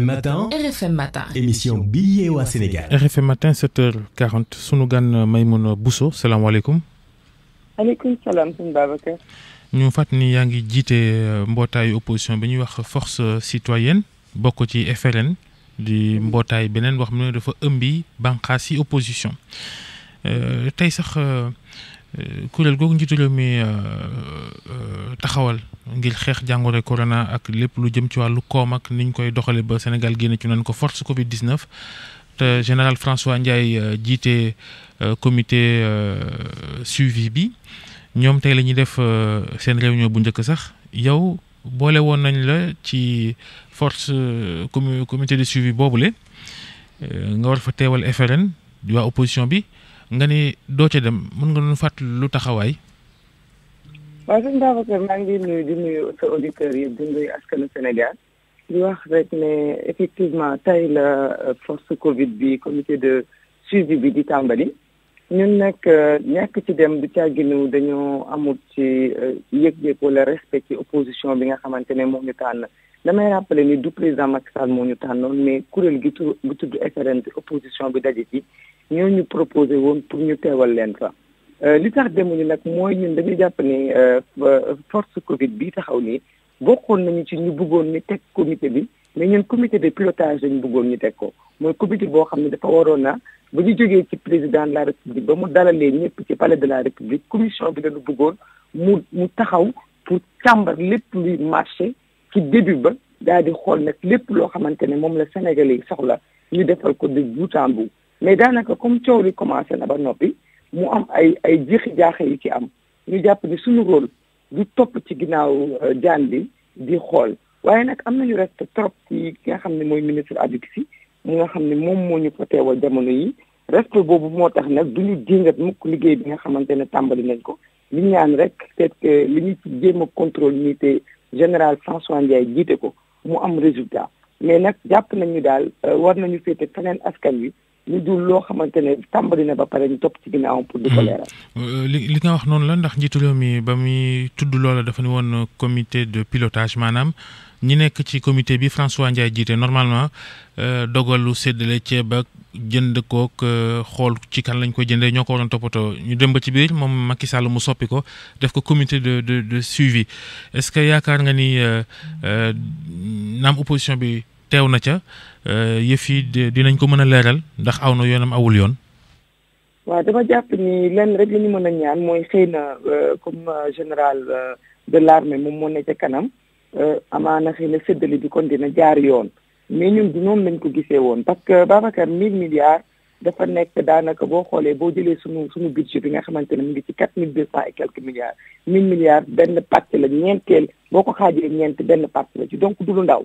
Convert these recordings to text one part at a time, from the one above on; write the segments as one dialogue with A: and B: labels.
A: matin
B: RFM matin émission billet au
A: Sénégal. RFM matin 7h40 sunu gan euh, Maimouna Bousso salam aleykum
B: salaam sëñ Babacar.
A: ñu fàtt ni yaa ngi euh, opposition bi wax force citoyenne bokk ci FRN di mbootaay Benen, wax mu ne dafa ëmbi bànqaas opposition euh, tey sax kuréel googu njiitu réew mi euh, euh, taxawal ngir xeex jàngoro corona ak lépp lu jëm ci wàllu koom ak niñ koy doxalee ba Sénégal génne ci nan ko force Covid 19. te général François Ndiaye euh, jiite comité suivi bi ñoom tey la ñuy def seen réunion bu njëkk sax yow boole woon nañ la ci force comité de suivi boobule nga war fa teewal FRN di waa opposition bi nga ni doo ca dem mën nga ñu fàttali lu taxawaay.
B: waaw sëñ Babacar maa ngi nuyu di nuyu sa auditeurs yëpp di nuyu askanu Sénégal di wax rek ne effectivement tey la euh, force Covid bi comité de suivi bi di tàmbali. ñun nag euh, ñàkk ci dem du càgginu dañoo amul ci euh, yëg-yëg wala respect ci opposition bi nga xamante ne moo ñu tànn damay rappeler ni du président Macky Sall moo ñu tànnoon mais kuréel gi tu gi tudd FRN opposition bi daje ci nous ñu proposé pour ñu teewal leen euh, li tax euh, euh, force Covid bi taxaw nañu ci ñu bëggoon ni comité mais un comité de pilotage bëggoon ñu comité boo xam dafa président de la république ba mu ñëpp ci de la république commission bi lañu bëggoon mu taxaw pour càmbar lépp marché ci début ba daal di xool nag lépp loo xamante ne Sénégalais ñu ko de mais daanaka comme coow li commencé na ba noppi mu am ay ay jeexi jaaxe yu ci am ñu jàpp ni suñu rôle du topp ci ginnaaw euh, jaan bi di xool waaye nag am nañu reste trop ci ki nga xam ne mooy ministre Abib Sy mu nga xam ne moom moo ñu ko teewal jamono yi respect boobu moo tax nag du ñu dingat mukk liggéey bi nga xamante ne tàmbali nañ ko li ñaan rek te li ñu ci jéem a contrôle unité général François Ndiaye jiite ko mu am résultat mais nag jàpp nañu daal euh, war nañu féete feneen askan wi lu dul hmm.
A: euh, li nga wax noonu la ndax njiitu mi ba muy tudd loola dafa ne woon comité de pilotage maanaam ñi nekk ci comité bi François Ndiaye jiite normalement euh, dogalu seddale ceeb ak jënd kook euh, xool ci kan lañ koy jëndee ñoo ko waroon toppatoo ñu dem ba ci biir moom Macky Sall mu soppi ko def ko comité de suivi est-ce que yaakaar nga ni naam opposition bi teew na ca. Euh, yëf yi dinañ ko mën a leeral ndax aw na yoonam awul yoon.
B: waaw dama jàpp nii lenn rek la ñu mën a ñaan mooy xëy na euh, comme euh, général de l'armée moom moo ne ca kanam amaana xëy na séddale bi kon dina jaar yoon mais ñun du noonu lañ ko gisee woon parce que Babacar mille milliards dafa nekk daanaka boo xoolee boo jëlee suñu suñu budget bi nga xamante ne mu ngi ci quatre mille deux cent et quelques milliards mille milliards benn pàcc la ñeenteel boo ko xaajee ñeent benn pàcc la ci donc du ndaw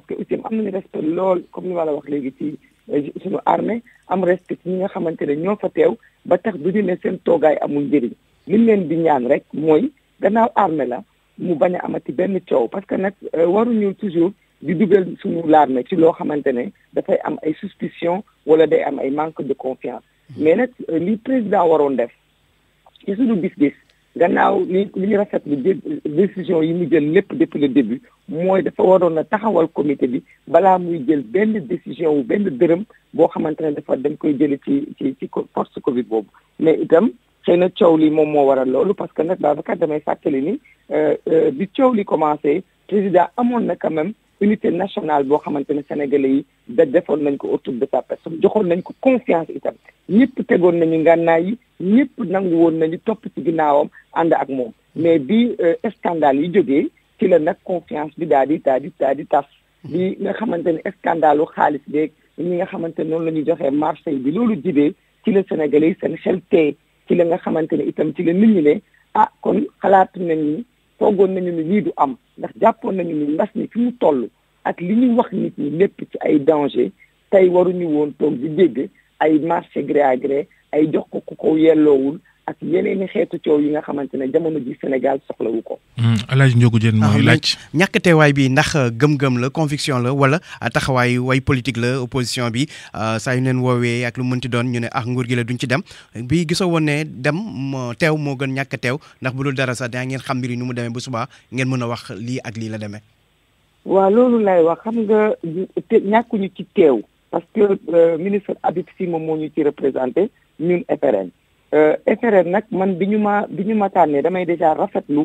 B: parce que am respect comme ni wax ci euh, armée am respect ci ne fa ba tax ne amul leen di ñaan rek mooy gannaaw armée la mu amati parce que nag euh, toujours di ci am ay suspicion wala day am ay manque de confiance mmh. mais nag euh, président waroon def ci gannaaw li li décision yi depuis le début mooy dafa waroon na taxawal comité bi balaa muy jël benn décision wu benn dërëm boo xamante ne dafa dañ koy jële ci ci ci force Covid boobu mais itam xëy na coow li moom moo waral loolu parce que nag Babacar damay fàttali ni euh, euh, bi coow li commencé président amoon na quand même unité nationale boo xamante ne sénégalais yi da defoon nañ ko autour de sa personne joxoon nañ ko confiance itam ñëpp tegoon nañu ngànnaay yi ñëpp nangu woon nañu topp ci ginnaawam ànd ak moom mais bi euh, scandale yi jógee ci la nag confiance bi daal di daal di daal di tas bi nga xamante ne scandale u xaalis beeg ñi nga xamante ne noonu la ñuy joxee marché bi loolu jibee ci la sénégalais yi seen xel tey ci la nga xamante ne itam ci la nit ñi ne ah kon xalaat nañ ni toogoon nañu ni lii du am ndax jàppoon nañu ni mbas mi fi mu toll ak li ñuy wax nit ñi lépp ci ay danger tey waruñu woon toog di dégg ay marché gré à gré ay jox ko ku ko yelloowul ak yeneen xeetu coow yi nga xamante ne jamono ji Sénégal soxlawu ko.
A: Mm, El Hadj Ndiogou Diène mooy laaj. ñàkk teewaay
B: bi ndax gëm-gëm la conviction la wala taxawaay way politique la opposition bi euh, saa yu neen woowee ak lu mënti doon ñu ne ak ah, nguur gi la duñ ci dem bi gisoo woon ne dem teew moo gën ñàkk teew ndax bu dul dara sax daa ngeen xam mbir yi nu mu demee bu subaa ngeen mën a wax lii ak lii la demee. waaw loolu lay wax xam nga ñàkkuñu ci teew. Euh, FRN nag man bi ñu ma bi ñu ma tànnee damay déjà rafetlu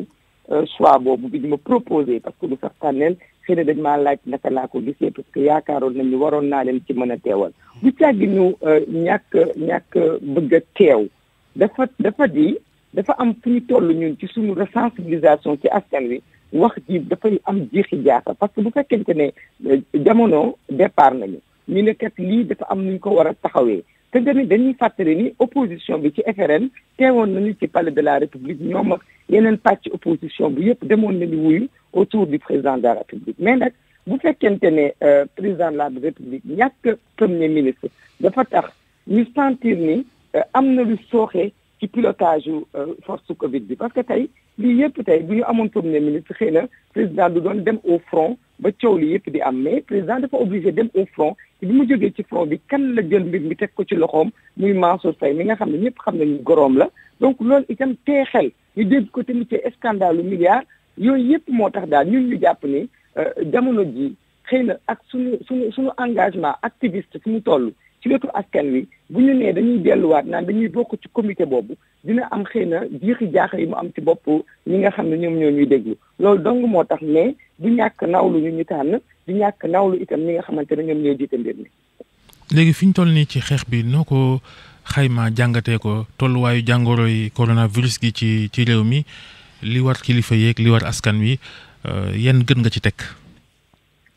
B: euh, choix boobu bi ñu ma proposé parce que lu sax tànneel xëy na dañ maa laaj naka laa ko gisee parce que yaakaaroon nañu waroon naa leen ci mën a teewal. du càgg ñu euh, ñàkk ñàkk bëgg a teew dafa dafa di dafa am fu ñu toll ñun ci suñu sensibilisation ci askan wi wax ji dafay am jiixi jaaxa parce que bu fekkente ne jamono départ nañu ñu ne kat lii dafa am nu ñu ko war a taxawee. te dañuy dañuy fàttali ni opposition bi ci FRN teewoon nañu ci palais de la république ñoom ak yeneen pàcc opposition bi yépp demoon nañu wuyu autour du président de la république mais nag bu fekkente ne euh, président de la république ñàkk premier ministre dafa tax ñu sentir ni euh, am na lu sooxee qui pilotage ou euh, force Covid parce que tay li peut-être bu ñu amoon ministre xëy le président du doon dem au front ba coow li di am mais président obligé dem au front mu ci front bi kan la mi ko ci muy mi nga donc ci scandale milliard yooyu ñu euh, jamono ji engagement activiste ci wetu askan wi bu ñu nee dañuy delluwaat naan dañuy bokk ci comité boobu dina am xëy na jiixi jaaxa yi mu am ci bopp ñi nga xam ne ñoom ñoo ñuy déglu loolu dong moo tax mais du ñàkk nawlu ñu ñu tànn du ñàkk nawlu itam ñi nga xamante ne ñoom ñoo jiite mbir mi.
A: léegi fi ñu toll nii ci xeex bi noo ko xaymaa jàngatee ko tolluwaayu jàngoro yi coronavirus gi ci ci réew mi li war kilifa yéeg li war askan wi euh, yenn gën nga ci teg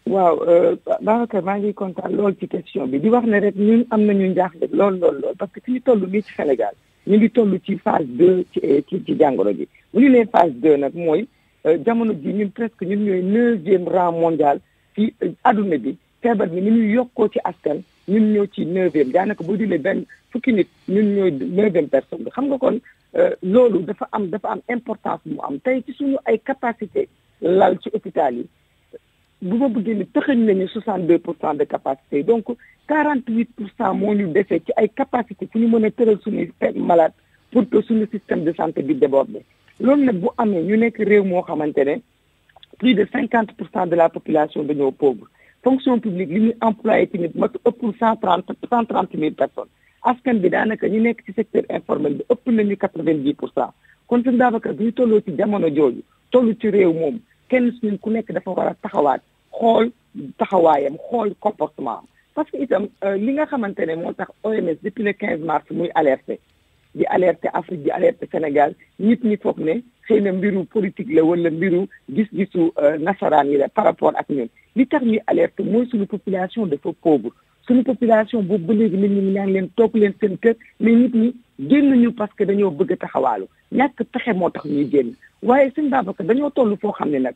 B: waaw euh, Babacar maa ngi kontaan lool ci question bi di wax ne rek ñun am nañu njaaxle lool lool lool parce que fi ñu toll nii ci Sénégal ñu ngi toll ci phase deux ci ci jàngoro ji bu ñu nee phase deux nag mooy euh, jamono ji ñun presque ñun ñooy neuvième rang mondial fii euh, adduna bi feebar bi ni ñu yokkoo ci askan ñun ñoo ci neuvième daanaka boo jëlee benn fukki nit ñun ñooy neuvième personne bi xam nga kon loolu dafa am dafa am importance mu am tey suñu ay capacité ci hôpital yi nous avons ni 62% de capacité donc 48% de ñu dese ci ay capacité fu ñu mën a pour que le système de santé bi débordé. loolu nag bu amee ñu nekk réew à xamante plus de 50% de la population dañoo pauvre fonction publique li ñuy employé tamit ma 130 000 personnes askan bi daanaka ñu nekk ci secteur informel bi ëpp nañu 90% kon suñu daafaka bu ñu tolloo ci jamono jooju tollu ci réew moom kenn nous ku nekk dafa war a xool taxawaayam xool comportement parce que itam euh, li nga xamante ne moo tax OMS depuis le 15 mars muy alerté di alerté Afrique di alerté Sénégal nit ñi foog ne xëy na mbiru politique la wala mbiru gis-gisu euh, nasaraan yi la par rapport ak ñun li tax ñuy alerté mooy suñu population dafa pauvre suñu population boobu ba léegi nit ñi ñaan leen toog leen seen kër mais nit ñi ñu parce que dañoo bëgg a taxawaalu ñàkk pexe moo tax ñuy génn waaye seen Babacar dañoo toll foo xam ne nag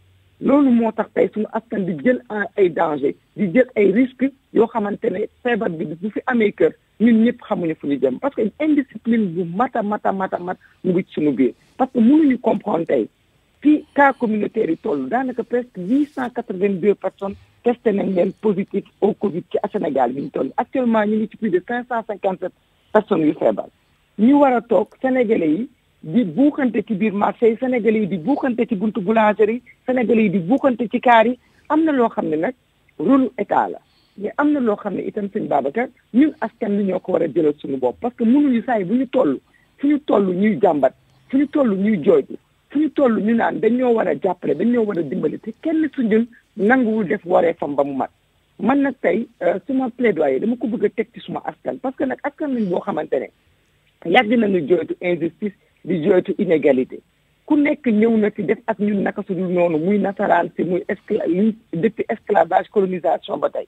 B: loolu moo tax tey suñu askan bi jël ay danger di jël ay risques yoo xamante ne feebar bi bu fi amee kër ñun ñëpp xamuñu fu ñu jëm parce que indiscipline bu mata mata mata mat mu ngi ci suñu biir parce que mënuñu comprendre tey fii cas communautaire yi toll daanaka presque huit cent quatre-vingt-deux personnes testé nañ leen positif au Covid ci Sénégal bi ñu toll actuellement ñu ngi ci plus de cinq cent cinquante personnes yu feebar ñu war a toog sénégalais yi di buuxante ci biir marché yi yi di buuxante ci buntu boulangerie yi Sénégalais yi di buuxante ci kaar yi am na loo xam ne nag rôle état la mais am na loo xam ne itam sëñ Babacar ñun askan lu ñoo ko war a jëlal suñu bopp parce que mënuñu saa yi bu ñu toll fu ñu toll ñuy jàmbat fu ñu toll ñuy jooytu fu ñu toll ñu naan dañoo war a jàppale dañoo war a dimbali te kenn su ñun nanguwul def waree fam ba mu mag man nag tey euh, suma plaidoyer dama ko bëgg a teg ci suma askan parce que nag askan lañ boo xamante ne yàgg nañu jooytu injustice di joytu inégalité ku nekk ñëw na fi def ak ñun naka suñu dul noonu muy nasaraan si muy escla depuis esclavage colonisation ba tey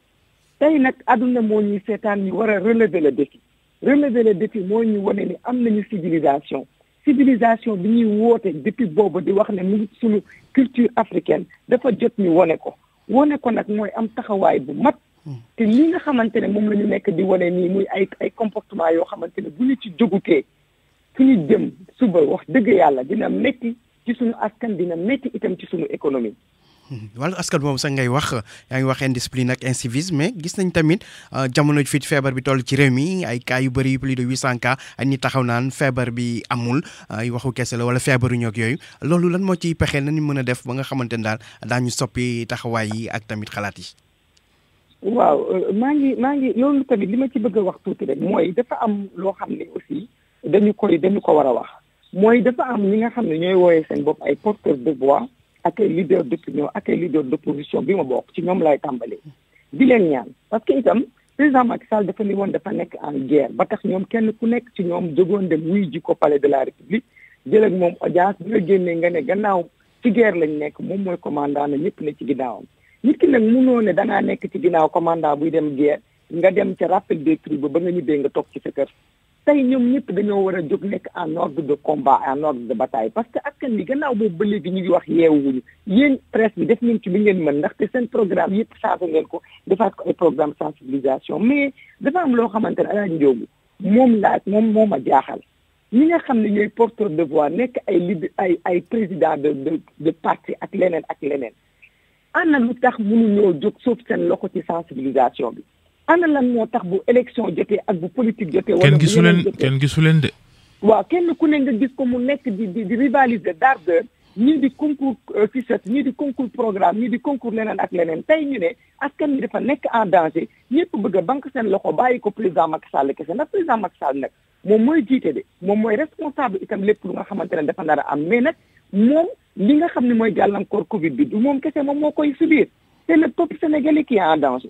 B: tey nag aduna moo ñuy seetaan ñu war a relever le défi relever le défi moo ñu wane ni am nañu civilisation civilisation bi ñuy woote depuis boobu di wax ne mu suñu culture africaine dafa jot ñu wane ko wane ko nag mooy am taxawaay bu mat hmm. te li nga xamante ne moom la ñu nekk di wane nii muy ay ay comportement yoo xamante ne bu ñu ci jógutee fi ñu jëm suba wax dëgg yàlla dina métti ci suñu askan dina métti itam ci suñu économie.
A: wala askan moom sax ngay wax yaa ngi wax indiscipline ak incivisme mais gis nañ tamit euh, jamono ji fii feebar
B: bi toll ci réew mi ay kaa yu bëri plus de huit cent cas ay nit taxaw naan feebar bi amul ay waxu kese la wala feebaru ñook yooyu loolu lan moo ciy pexe nañu mën a def ba nga xamante ni daal daañu soppi taxawaay yi ak tamit xalaat yi. waaw euh, maa ngi maa ngi loo dañu koy dañu ko war a wax mooy dafa am ñi nga xam ne ñooy wooyee seen bopp ay porteurs de voix ak ay leaders d'opinion ak ay leaders d'opposition bi ma bokk ci ñoom lay tàmbalee. di leen ñaan parce que itam président Macky Sall dafa ni woon dafa nekk en guerre ba tax ñoom kenn ku nekk ci ñoom jógoon dem wuy ji ko palais de la république jël moom audience bi nga génnee nga ne gannaaw ci guerre lañ nekk moom mooy commandant na ñëpp ne ci ginnaawam. nit ki nag munoo ne danaa nekk ci ginnaaw commandant buy dem guerre nga dem ca rappel des ba nga ñibbee nga toog ci sa kër tey ñoom ñëpp dañoo war a jóg nekk en ordre de combat en ordre de bataille parce que askan bi gannaaw boobu ba léegi ñu ngi wax yeewuñu yéen presse bi def ngeen ci bi ngeen mën ndaxte seen programme yëpp changé ngeen ko defaat ko ay programme sensibilisation mais dafa am loo xamante ne alaaj njóogu moom laaj moom moo ma jaaxal nga xam ne ñooy porteur de voix nekk ay lid ay ay président de de de parti ak leneen ak leneen ana lu tax mënuñoo jóg suuf seen loxo ci sensibilisation bi ana lan moo tax bu élection jotee ak bu politique jotee. wala bu kenn gisu leen kenn gisu leen de. waaw kenn ku ne nga gis ko mu nekk di di di rivaliser d'ardeur ñii di concours euh, fichette shirt di concours programme ñii di concours leneen ak leneen tey ñu ne askan wi dafa nekk en danger ñëpp bëgg a banque seen loxo bàyyi ko président Macky Sall kese ndax président Macky Sall nag moom mooy jiite de moom mooy responsable itam lépp lu nga xamante ne dafa nar a am mais nag moom li nga xam ne mooy gàllankoor Covid bi du moom kese moom moo koy subir c'est le peuple sénégalais qui est en danger.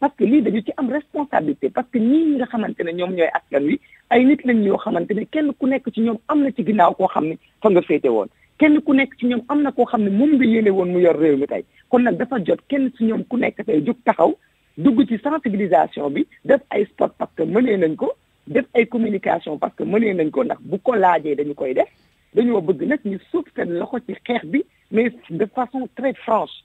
B: parce que lii dañu ci am responsabilité parce que nous nga xamante ne ñoom ñooy askan wi ay nit lañ ñoo xamante kenn ku nekk ci ñoom ci fa nga kenn ku nekk ci mu yor mi kon dafa jot kenn ci ku nekk taxaw sensibilisation parce que communication parce que mënee nañ ko Nous bu ko mais de façon très franche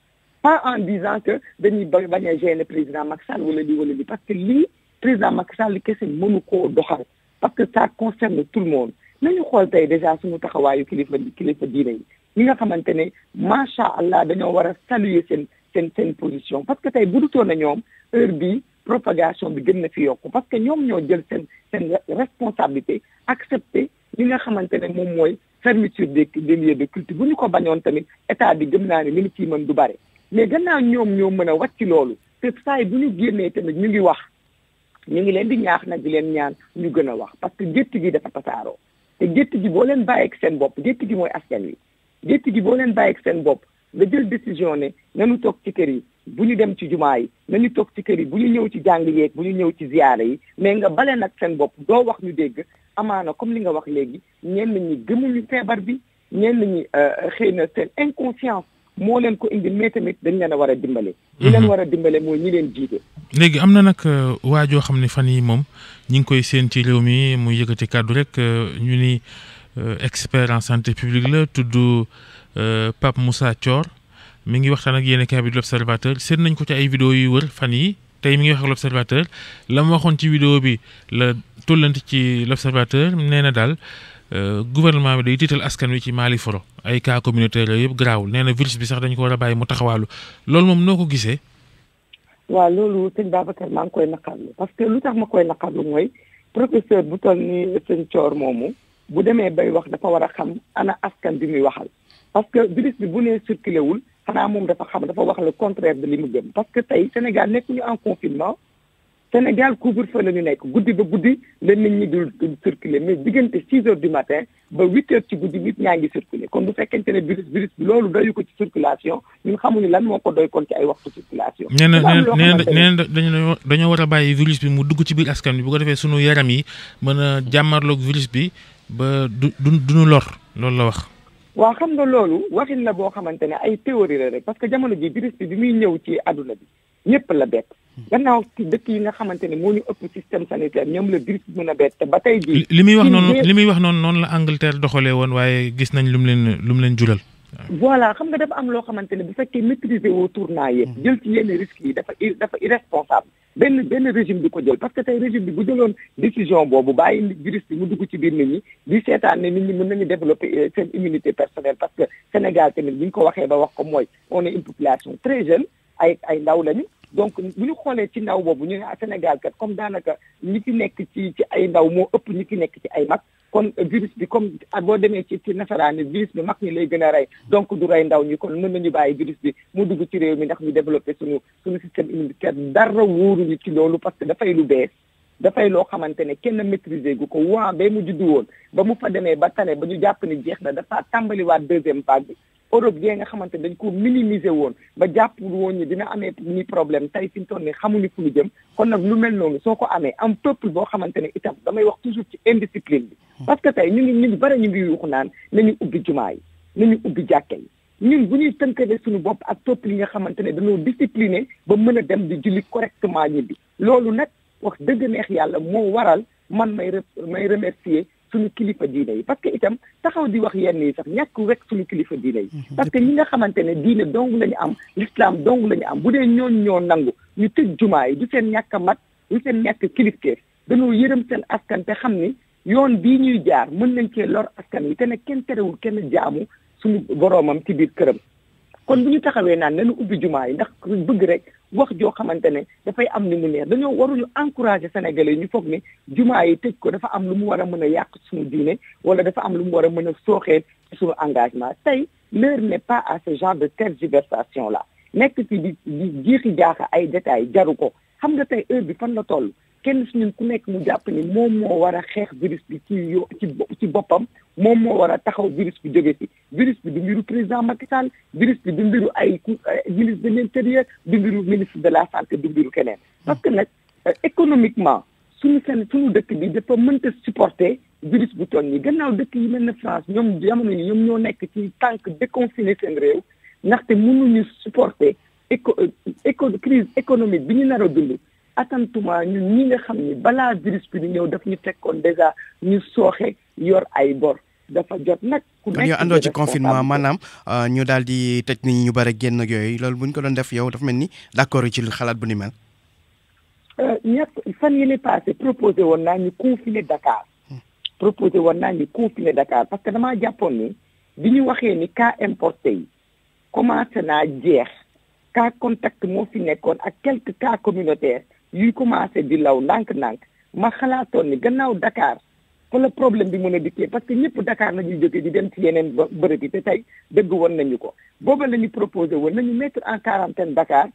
B: pas en disant que dañuy bañ a le président Macky Sall wala di le di parce que lui président Macky Sall kese doxal parce que ça concerne tout le monde nañu xool tey déjà suñu taxawaayu kilifa kilifa diine yi ñi nga xamante ne macha allah dañoo war saluer seen cette seen position parce que tey bu dutoon na ñoom heure bii propagation de gën na fi parce que ñom ñoo jël sen sen responsabilité accepter li nga xamantene mom moy fermeture des des lieux de culte buñu ko bañon tamit état bi gëm naa ne li mu ciy du bare mais gannaaw ñoom ñoo mën a wàcc loolu te saa yi bu ñu génnee tamit ñu ngi wax ñu ngi leen di ñaax nag di leen ñaan ñu gën a wax parce que gétt gi dafa tasaaroo te gétt gi boo leen bàyyeeg seen bopp gétt gi mooy askan wi gétt gi boo leen bàyyeeg seen bopp nga jël décision ne nañu toog ci kër yi bu ñu dem ci jumaa yi nañu toog ci kër yi bu ñu ñëw ci jàng yeeg bu ñu ñëw ci ziyaara yi mais nga bale nag seen bopp doo wax ñu dégg amaana comme li nga wax léegi ñenn ñi gëmuñu feebar bi ñenn ñi euh, xëy na seen inconscience moo leen ko indi mais dañ leen a war a dimbale. ñi mhm. leen war a dimbale mooy ñi leen jiite.
A: léegi am na nag euh, waa joo xam ne fan yi moom ñi ngi koy seen ci réew mi muy yëkkati kàddu rek euh, ñu ni euh, expert en santé publique la tudd Pape Moussa Thior mu ngi waxtaan ak yéen kaay bi du l'observateur seet nañ ko ci ay vidéo yu wër fan yi tey mi ngi wax ak l'observateur la waxoon ci vidéo bi la tollanti ci l'observateur nee na daal. Euh, gouvernement bi day tiital askan wi ci Mali foro ay cas communautaire yooyu yëpp garaawul nee na virus bi sax dañ ko war a bàyyi mu taxawaalu loolu moom noo ko gisee.
B: waaw loolu sëñ Babacar maa ngi koy naqarlu parce que lu tax ma koy naqarlu mooy professeur bu toll ni sëñ Coor moomu bu demee bay wax dafa war a xam ana askan bi muy waxal parce que virus bi bu nee circulé wul xanaa moom dafa xam dafa wax le contraire de li mu gëm parce que tey Sénégal nekkuñu en confinement. Sénégal couvre-feu la ñu nekk guddi ba guddi la nit ñi dul circuler mais diggante six heures du matin ba huit heures ci guddi nit ñaa ngi circuler kon bu fekkente ne virus virus bi loolu doyu ko ci circulation ñun xamuñu lan moo ko doy kon ci ay waxtu circulation. nee na nee
A: na dañu dañoo war a bàyyi virus bi mu dugg ci biir askan bi bu ko defee sunu yaram yi mën a jàmmarloog virus bi ba du du duñu lor loolu la wax. waaw xam nga loolu
B: waxin la boo xamante ne ay théorie la rek parce que jamono ji virus bi bi muy ñëw ci àdduna bi ñëpp la bett. gannaaw dëkk yi nga xamante ne moo ñu ëpp système sanitaire ñoom la virus mën a bett ba tey jii. li muy wax noonu li
A: muy wax noonu noonu la Angleterre doxalee woon waaye gis nañ lu mu leen lu mu leen jural.
B: voilà xam nga dafa am loo xamante ne bu fekkee maîtriser woo tournant yëpp hmm. jël ci yenn risques yi dafa dafa irresponsable benn benn régime bi ko jël parce que tey régime bi bu jëloon décision boobu bàyyi virus bi mu dugg ci biir nit ñi di seetaan ne nit ñi mën nañu développer euh, seen immunité personnelle parce que Sénégal tamit bi ñu ko waxee ba wax ko mooy on est une population très jeune ay ay ndaw lañu donc bu ñu xoolee ci ndaw boobu ñu ne ah, Sénégal kat comme daanaka ñi fi nekk ci ci ay ndaw moo ëpp ñi fi nekk ci ay mag kon virus bi comme ak ah, boo demee ci ci nasaraan virus bi mag ñi lay gën a rey donc du rey ndaw ñi kon mën nañu bàyyi virus bi mu dugg ci réew mi ndax ñu développé suñu suñu système immunitaire dara wóoruñu ci loolu parce que dafay lu bees dafay loo xamante ne kenn maîtriser gu ko waa ba mu juddu woon ba mu fa demee ba tane ba ñu jàpp ni jeex na dafa tàmbaliwaat deuxième vague bi Europe gee nga xamante ne dañ ko minimiser woon ba jàpp woon ñi dina amee ni problème tey fi mu toll nii xamuñu fu ñu jëm kon nag lu mel noonu soo ko amee am peuple boo xamante ne itam damay wax toujours ci indiscipline bi hmm. parce que tey ñu ngi ñu ngi bëri ñu ngi yuuxu naan nañu ubbi jumaa yi nañu ubbi jàkke yi ñun bu ñuy tënkale suñu bopp ak peuple yi nga xamante ne dañoo discipliné ba mën a dem di julli correctement ñibbi loolu nag wax dëgg neex yàlla moo waral man may may remercier suñu kilifa diine yi parce que itam taxaw di wax yenn yi sax ñàkku rek suñu kilifa diine yi mhm. parce que ñi nga xamante ne diine dong la ñu am l'islam dong lañu am bu dee ñooñ ñoo nangu ñu tëj jumaa yi du seen ñàkk a mat du seen ñàkk kilifteef dañoo yërëm seen askan te xam ni yoon bii ñuy jaar mën nañ cee lor askan wi te ne kenn terewul kenn jaamu suñu boromam ci biir këram kon bu ñu taxawee naan nañu ubbi jumaa yi ndax bëgg rek wax joo xamante ne dafay am ni mu neex dañoo waruñu encourager sénégalais ñu foog ne jumaa yi tëj ko dafa am lu mu war a mën a yàq suñu diine wala dafa am lu mu war a mën a sooxee ci suñu engagement tey l'heure n'est pas à ce genre de tergiversation là nekk ci di di jiixi jaaxa ay détails jaru ko xam nga tey heure bi fan la toll kenn si ñun ku nekk mu jàpp ni moom moo war xeex virus bi ci yo ci boppam moom moo war a taxaw virus bi jóge fi virus bi du mbiru président Macky Sall virus bi du mbiru ay ministre de l'intérieur du mbiru ministre de la santé du mbiru keneen parce que nag euh, économiquement suñu seen suñu dëkk bi dafa mënta supporter virus bu toll nii gannaaw dëkk yi mel ne France ñoom jamono yi ñoom ñoo nekk ci tànk déconfiné seen réew ndaxte mënuñu supporter éco euh, éco crise économique bi ñu nar a dund attentuma ñun ñi nga xam ni balaa virus bi di ñëw daf ñu fekkoon dèjà ñu sooxe yor ay bor dafa jot nag. ku nekk ñu àndoo ci confinement maanaam euh, ñu daal di tëj nit ñu bëri génn ak yooyu loolu buñ ko doon def yow dafa mel ni d' accord ci xalaat bu ni mel. Euh, ñëpp fan yële passé proposé woon naa ñu confiner Dakar. Hmm. proposé woon naa ñu confiner Dakar parce que dama jàppoon ni bi ñu waxee ni cas importé yi commencé naa jeex cas contact moo fi nekkoon ak quelques cas communautaires. yu commencé di law ndànk-ndànk ma xalaatoon ni gannaaw Dakar fa la problème bi mën a dikkee parce que ñëpp Dakar na ñuy jógee di dem ci yeneen bërëb yi te tey dëgg woon nañu ko booba la ñu proposé woon nañu mettre en quarantaine Dakar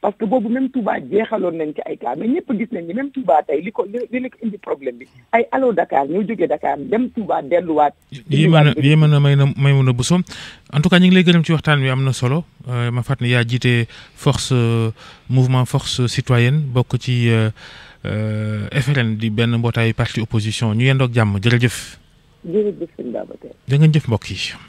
B: parce que boobu même Touba jeexaloon nañ ci ay cas mais ñëpp gis nañ ni même Touba tey li ko li li ko indi problème bi ay allo Dakar ñoo jógee Dakar dem Touba delluwaat.
A: yi a yéen a may na may mun a Bousso en tout cas ñu ngi lay gërëm ci waxtaan bi am na solo euh, ma fàttali yaa jiite force euh, mouvement force citoyenne bokk ci euh, FRN di benn mbootaayu parti opposition ñu yendoog jàmm jërëjëf. jërëjëf sëñ Babacar. da ngeen jëf mbokk yi.